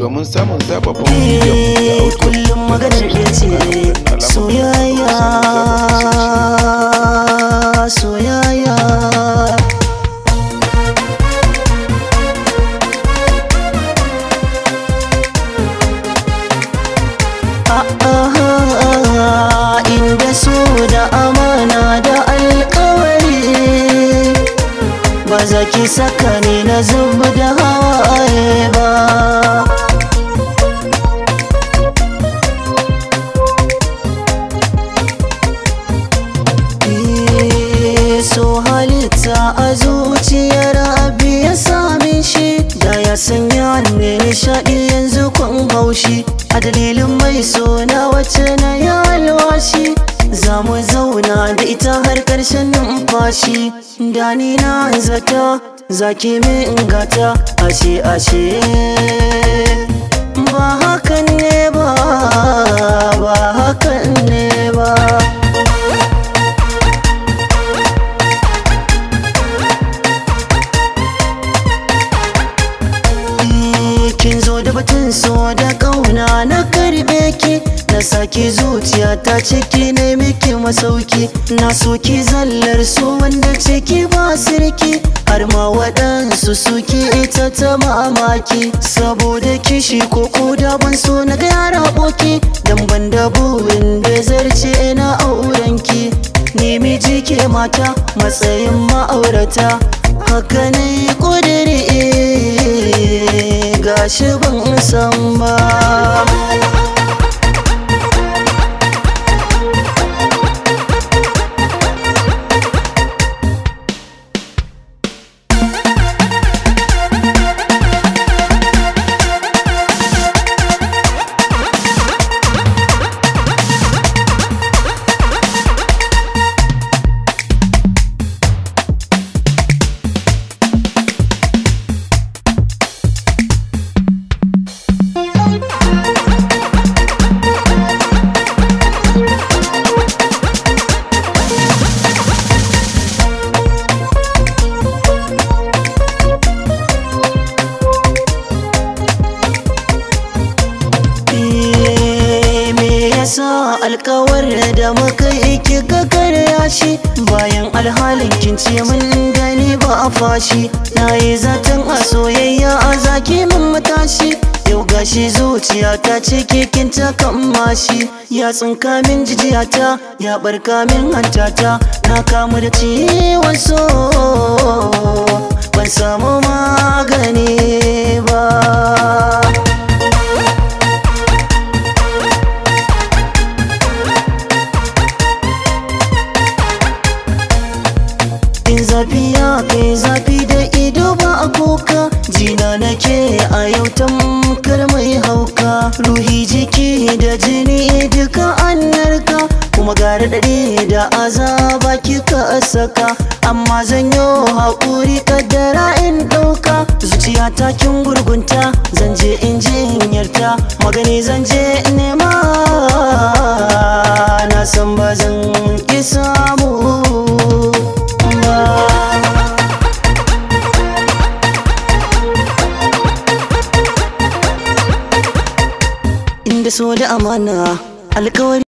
domin kullum maganar da ce soyayya soyayya inda su da amana da alkawari Baza ki saka ni na zuba da hawa sanya ne nishaɗi yanzu kun haushi a dalilin mai sona wacce na yi alwashi za mu zauna da ita har ƙarshen numfashi da ni na zata zaki min gata ashe ashe ba hakan ne ba ba hakan ne ba cikin so da kauna na karbe ki na saki zuciya ta ciki ne miki masauki na soki zallar so wanda ciki ba sirki har ma waɗansu suke ita ta mamaki saboda kishi ko koda ban so na gyara boki dan ban da burin da zarce na aurenki miji ke mata matsayin ma'aurata haka ne ƙudiri gashi ban sama. Bye. alkawar da muka yi kika karya shi bayan alhalin kin ce mun gani ba a fashi na yi zaton a soyayya a zaki mun matashi yau gashi zuciya ta ce kekin ta mashi ya tsinka min jijiyata ya barka min hantata na kamu da ciwon so ban samu magani ba kai zafi da ido ba a kuka jina nake a yau tamkar mai hauka ruhi jiki da jini duka annarka kuma gara daɗe da azaba kika saka amma zanyo haƙuri kaddara in ɗauka zuciya ta kin gurgunta zan je in magani zan je nema na san ba zan isa da so da amana alkawari